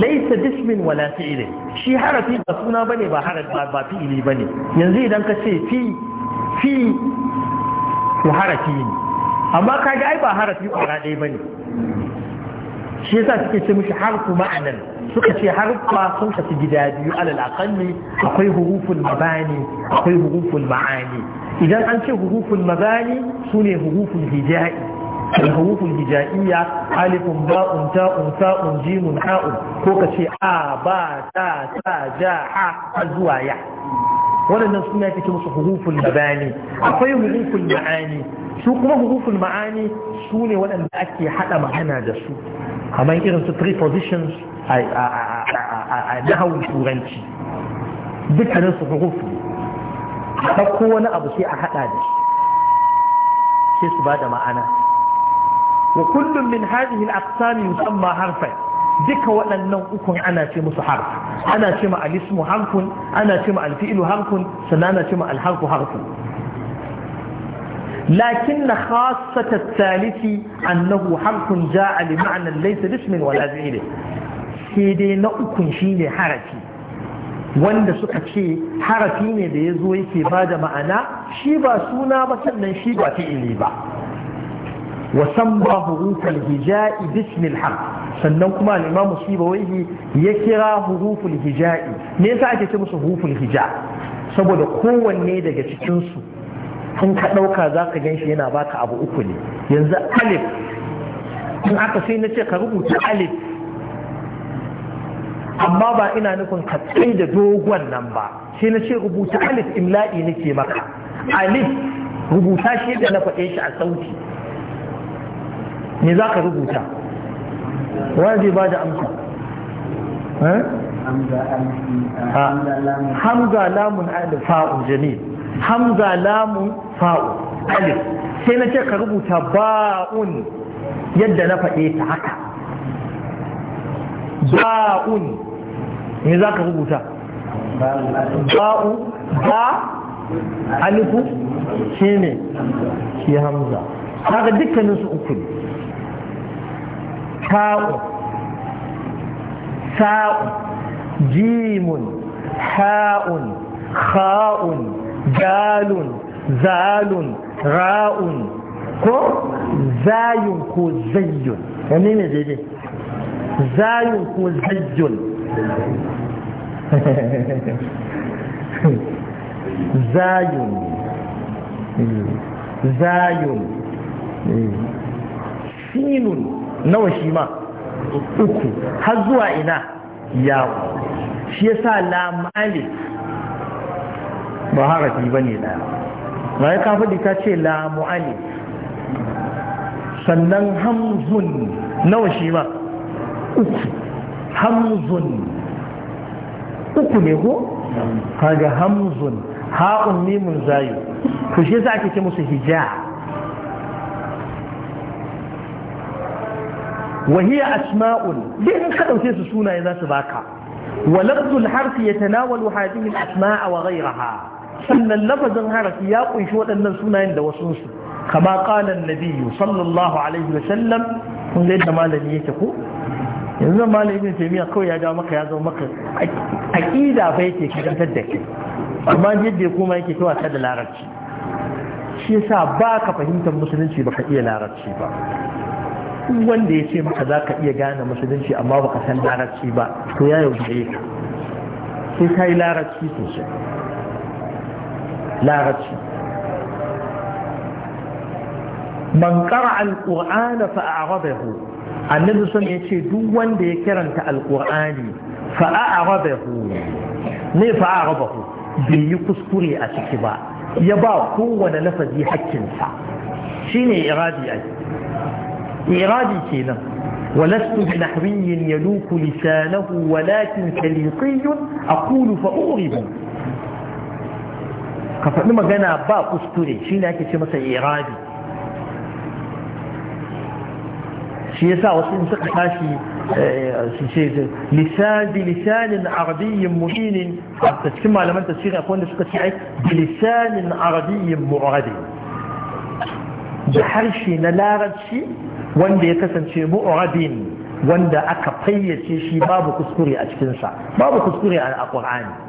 laisa dismin wala fi'ili shi harafi ba suna bane ba harafi ba fi'ili bane yanzu idan ka ce fi fi ku harafi ne amma kaga ai ba harafi kwara ɗaya bane shi yasa suke ce mishi harfu ma'anan suka ce harfa sun shafi gida biyu alal aqalli akwai huruful mabani akwai huruful ma'ani idan an ce huruful mabani sune huruful hijai الحروف الهجائية ألف باء تاء ثاء جيم حاء كوكشي ta باء تاء تاء جاء zuwa ya waɗannan suna fito musu huruful mabani akwai huruful ma'ani su kuma huruful ma'ani su ne waɗanda ake haɗa magana da su kamar irin su pre-positions, a nahawun turanci dukkanin su hurufu ɗauko wani abu sai a haɗa da shi sai su ba da ma'ana wa kullum min hadihi al-aqsam yusamma harfan duka waɗannan ukun ana ce musu harf ana ce ma al-ismu harfun ana ce ma al-fi'lu harfun sannan ana ce ma al-harfu harfun لكن خاصة الثالث أنه حرف جاء لمعنى ليس باسم ولا فعل سيدي نأكن شيني حركي wanda suka ce harafi ne da ya zo yake ba da ma'ana shi ba suna ba sannan shi ba fi'ili ba wasan ba huruful hija'i bismil har sannan kuma al'imamu shi ba wai ya kira hurufin hija'i me yasa ake ce musu hurufin hija saboda kowanne daga cikinsu in ka ɗauka za ka gan shi yana baka abu uku ne yanzu alif in aka sai na ce ka rubuta alif amma ba ina nufin ka tsaye da dogon nan ba sai na ce rubuta alif imla'i nake maka alif rubuta shi da na faɗe shi a sauti me za ka rubuta wani zai ba da amsa eh? ah, hamza lamun alifa'un jamil hamza lamun fa'u alif sai na ce ka rubuta ba'un yadda na faɗe ta haka ba'un me za ka rubuta ba'u ba alifu shi ne shi hamza haka dukkanin su uku ne ta'u sa'u jimun ha'un ha'un. dalun zalun ra'un ko zayun ko zayyun wani ne daidai zayun ko zayyun *laughs* zayun zayun sinun nawa shi ma uku har zuwa ina yawo shi yasa lam alif ba harafi ba ne ɗaya ba ya ta ce la mu'ali sannan hamzun nawa shi ba uku hamzun uku ne ko kaga hamzun ha'un mimun zayu to shi ake ce musu hija وهي أسماء su كانوا تيسوا سونا إذا سباكا ولفظ الحرف يتناول هذه الأسماء وغيرها sannan lafazin harafi ya kunshi waɗannan sunayen da wasu su kama kalan nabiyu sallallahu alaihi wa sallam kun ga yadda malami yake ko yanzu malami ibn taymiya kawai ya ga maka ya zama maka aqida fa yake karantar da kai amma yadda ya koma yake cewa ta da larabci shi yasa ba ka fahimtar musulunci ba ka iya larabci ba wanda ya ce maka za ka iya gane musulunci amma ba ka san larabci ba to ya yaudare ka sai ka yi larabci sosai لا غدش من قرأ القرآن فأعرضه النبي صلى الله عليه وسلم يقول دون ذكرنت القرآن فأعرضه ليه فأعرضه بي كسكري أشكبا يبا قوة لفظي حق سا شيني إرادي أي إرادي كينا ولست بنحوي يلوك لسانه ولكن كليقي أقول فأغرب ka faɗi magana ba kuskure shi ne ake ce masa irabi shi ya sa wasu in suka tashi eh, su ce lisan lisanin arabiyyin mu'inin a cikin malaman tafsiri akwai wanda suka ce ai bi lisanin arabiyyin mu'radi da harshe na larabci wanda ya kasance mu'radin wanda aka fayyace shi babu kuskure a cikinsa babu kuskure a alƙur'ani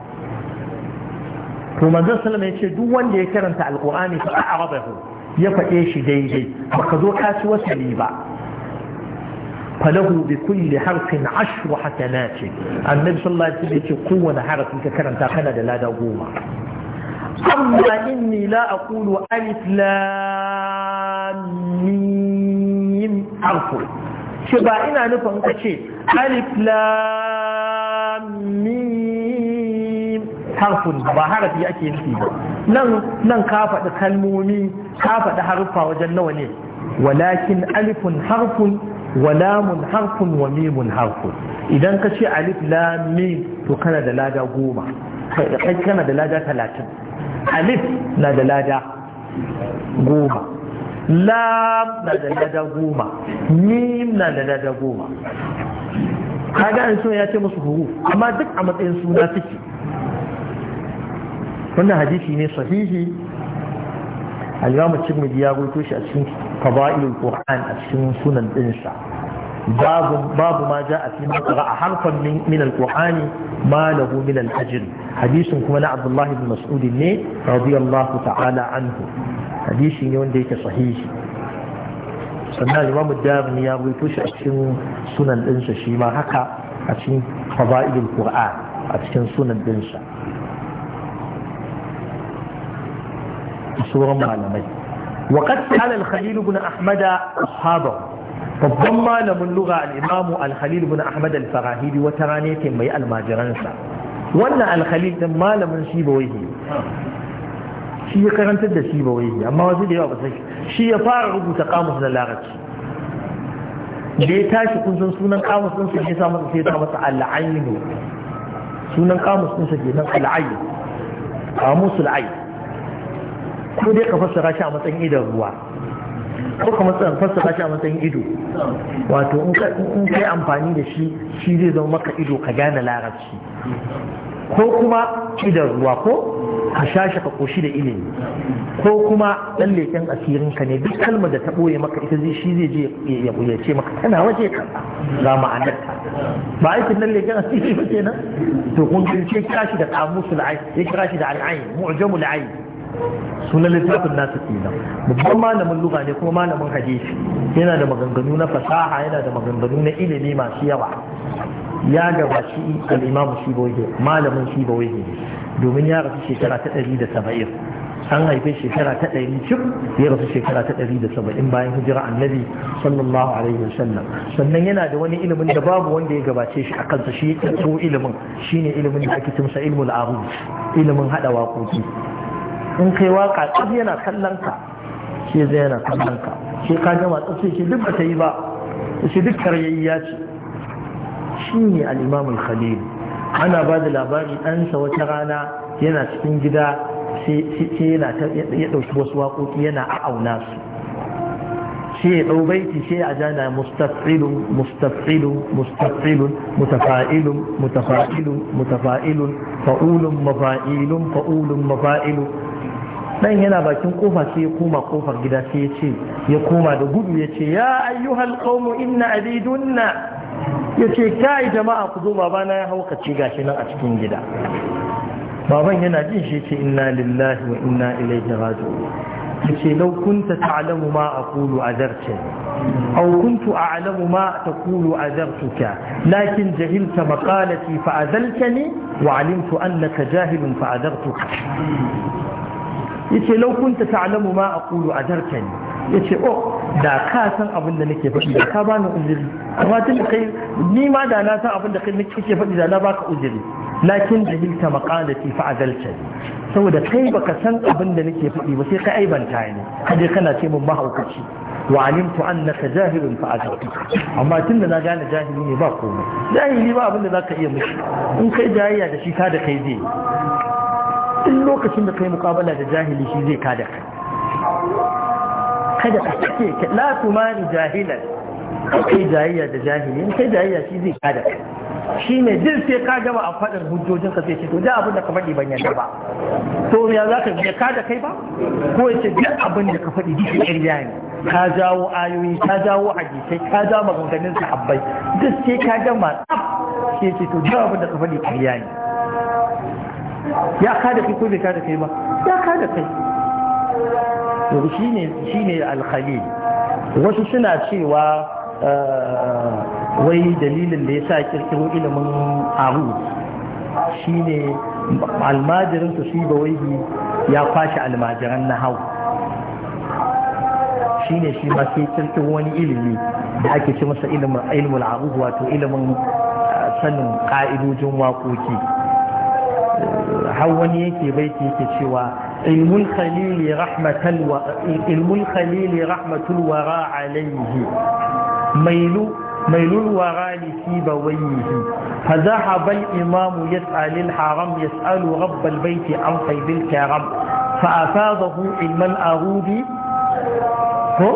to manzon sallama ya ce duk wanda ya karanta alkur'ani fa a'rabahu ya faɗe shi daidai baka zo ka ci wasali ba falahu bi kulli harfin ashru hasanati annabi sallallahu alaihi wasallam ya ce kowane harafin ka karanta kana da lada goma amma inni la aqulu alif lam mim harfu ba ina nufin ka ce alif lam mim harfun ba harafi ake nufi ba nan nan ka faɗi kalmomi ka faɗi harfa wajen nawa ne walakin alifun harfun walamun harfun wa mimun harfun idan ka ce alif lam mim to kana da lada goma kai kana da lada talatin alif na da lada goma lam na da lada goma mim na da lada goma kaga an so ya ce musu huru amma duk a matsayin suna suke wannan hadisi ne sahihi al-imam at-tirmidhi ya rawaito shi a cikin fadailul qur'an a cikin sunan dinsa babu babu ma jaa fi man qara'a harfan min al-qur'an ma lahu min al-ajr hadisin kuma na Abdullah ibn Mas'ud ne radiyallahu ta'ala anhu hadisi ne wanda yake sahihi sannan al-imam ad-darimi ya rawaito shi a cikin sunan dinsa shi ma haka a cikin fadailul qur'an a cikin sunan dinsa da sauran malamai wa qad qala al-khalil ibn ahmad ashabahu babban malamin lura al'imamu Khalil bin ahmad al-farahidi wata rana ke mai almajiransa wannan alhalil din malamin shi ba waihe shi ya karantar da shi ba waihe amma wasu da yawa ba sai shi ya fara rubuta kamus na larabci da ya tashi kun san sunan kamus din sa ne sa masa sai ta masa al'ainu sunan kamus din sa ke nan al'ainu kamus al'ainu ko dai ka fassara shi a matsayin idan ruwa ko kuma fassara shi a matsayin ido wato in kai amfani da shi shi zai zama maka ido ka gane larabci ko kuma idan ruwa ko ka shashe ka koshi da ilimi ko kuma dan leken asirin ka ne duk kalma da ta ɓoye maka ita zai shi zai je ya ce maka tana waje ka ga ka ba aikin dan leken asiri ba kenan to kun ce kira shi da kamusul ayn ya kira shi da al'ayn mu'jamul ayn sunan littafin nasu kenan babban malamin lura ne kuma malamin hadisi yana da maganganu na fasaha yana da maganganu na ilimi masu yawa ya gabaci al'imamu shibohe malamin shi shibohe domin ya rasu shekara ta ɗari da saba'in an haife shekara ta ɗari cif ya rasu shekara ta ɗari da saba'in bayan hijira annabi sallallahu alaihi wasallam sannan yana da wani ilimin da babu wanda ya gabace shi a kansa shi ya ilimin shine ilimin da ake tumsa ilmul arud ilimin hada waƙoƙi in kai waka tsab yana kallon ka shi zai yana kallon ka shi ka gama tsab sai shi duk ta yi ba shi duk karyayya ce shi ne al al-khalil ana ba da labari ɗansa wata rana yana cikin gida sai yana ya ɗauki wasu waƙoƙi yana a auna su sai ya ɗau baiti sai a jana mustafilun mustafilun mustafilun mutafa'ilun mutafa'ilun mutafa'ilun fa'ulun mafa'ilun fa'ulun mafa'ilun dan yana bakin kofa sai ya koma kofar gida sai ya ce ya koma da gudu ya ce ya ayyuhal qawmu inna abidunna ya ce kai jama'a ku zo babana ya haukace gashi nan a cikin gida baban yana jin shi ce inna lillahi wa inna ilaihi raji'un ce law kunta ta'lamu ma aqulu azarta aw kuntu a'lamu ma taqulu adartuka lakin jahilta maqalati fa azaltani wa 'alimtu annaka jahilun fa azartuka. Ya ce laukunta ta alamu ma a a Kulu aqulu Ya ce, oh da ka san abin da nake faɗi da ka bani uzuri amma tun kai ni ma da na san abin da kai nake faɗi da na baka uzuri lakin da jahilta maqalati fa azaltani saboda kai baka san abin da nake faɗi ba sai ka aibanta ni kaje kana ce mun mahaukaci wa alimtu annaka jahilun fa azaltuka amma tunda na gane jahili ne ba komai jahili ba abin da zaka iya mishi in kai jayayya da shi ka da kai zai duk lokacin da kai mukabala da jahili shi zai kada ka, kada ka take la ni jahilan kai jayayya da jahili kai jayayya shi zai kada ka. shi ne jin sai ka gama a faɗin hujjojin ka sai ce to da abin da ka faɗi ban yadda ba to ya za ka ka kada kai ba ko ya ce duk abin da ka faɗi duk ƙarya ne ka jawo ayoyi ka jawo hadisai ka jawo maganganun sahabbai duk sai ka gama tsaf sai ce to da abin da ka faɗi ƙarya ne ya kada kai kuma bai kada kai ba ya kada kai to shine shine al-khalil wasu suna cewa eh, wai dalilin da ya sa kirkiro ilimin abu ne almajirin su shi bawaihi ya kwashe almajiran na hau shi ne shi ma sai kirkiro wani ilimi da ake ce masa ilimin abu wato ilimin eh, sanin ka'idojin waƙoƙi hawan yake baiti yake cewa ilmul khalili rahmatul wara alaihi mailul wara ne fi bawayihi haza haɓar imamu ya tsalin haram ya tsalu rabbal baiti an faibin karam fa'afa ga hu ilmul arubi ko?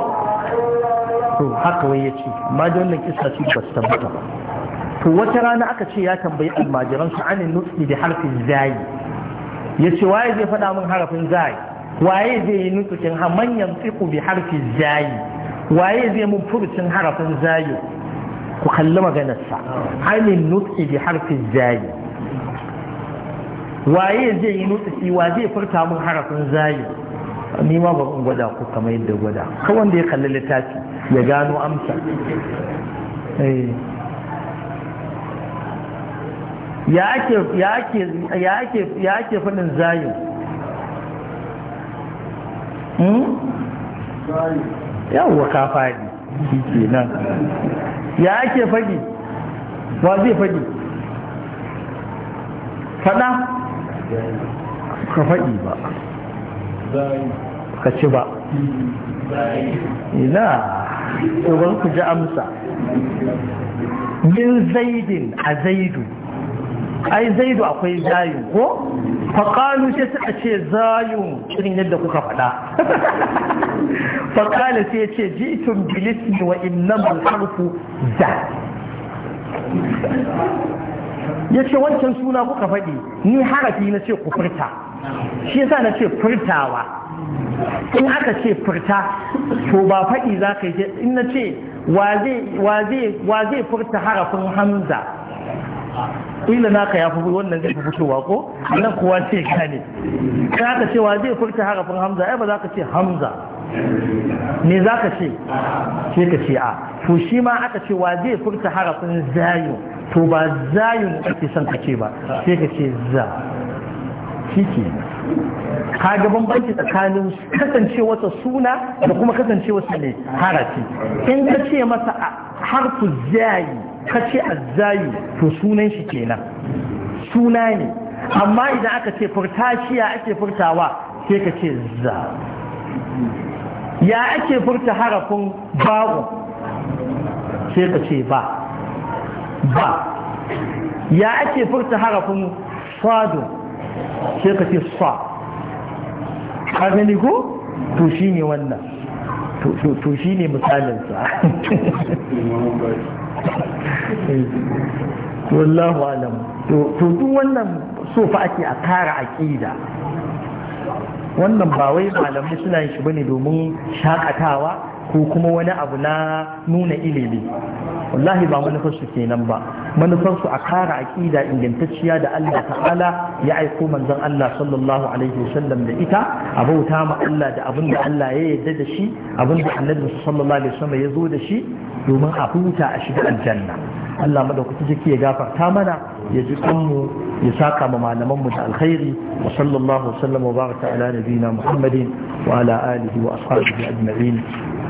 to haka wai ya ce majalin kisa ci basta mutu to wata rana aka ce ya tambayi su anin nutsi da harfin zayi ya ce waye zai faɗa min harafin zayi waye zai yi nutsukin ha manyan tsiku bi harfin zayi waye zai mun furucin harafin zayi ku kalli maganarsa anin nutsi bi harfin zayi waye zai yi nutsi wa zai furta min harafin zayi ni ma ba gwada ku kamar yadda gwada kawai wanda ya kalli littafi ya gano amsa eh. ya ake ya ake ya ya ake fadin zayin hmm kenan ya ake fadi wa zai fadi fada ka fadi ba ka ci ba ina ɗogon ku ji amsa min zaidin a zaidu ai zaidu akwai zayu ko faƙalu sai suka ce zayu irin yadda kuka faɗa *laughs* Faqalu sai ya ce jitun bilismi wa innan harfu za ya ce wancan suna kuka faɗi ni harafi na ce ku furta shi yasa na ce furtawa in aka ce furta to ba faɗi za ka yi in na ce wa zai furta harafin hamza ila naka ya fi wannan zai fi fitowa ko nan kuwa ce gane ka ka cewa zai furta harafin hamza ai ba za ka ce hamza me za ka ce sai ka ce a to shi ma aka ce wa zai furta harafin zayu to ba ne ake son ka ce ba sai ka ce za shi ke kaga bambanci tsakanin kasance wata suna da kuma kasance wata ne harafi in ka ce masa harfu zayi ka ce azzayi to sunan shi kenan suna ne amma idan aka ce furtashiya ake furtawa sai ka ce za ya ake furta harafin ba'u sai ka ce ba ba ya ake furta harafin sado sai ka ce sa ka gani ko to shi ne wannan to shi ne misalinsa *laughs* Eh, wallahu alam to duk wannan so fa ake a kara aqida wannan ba wai malamai suna yin shi bane domin shakatawa ko kuma wani abu na nuna ilimi wallahi ba manufarsu kenan ba manufarsu a kara aƙida ingantacciya da Allah ta'ala ya aiko manzon Allah sallallahu alaihi wasallam da ita a bauta ma Allah da abin da Allah ya yarda da shi abin da annabi sallallahu alaihi wasallam ya zo da shi domin a huta a shiga aljanna Allah madaukaki jiki ya gafarta mana ya ji mu ya saka ma malaman mu da alkhairi wa sallallahu alaihi wasallam wa baraka ala nabiyina muhammadin wa ala alihi wa ashabihi ajma'in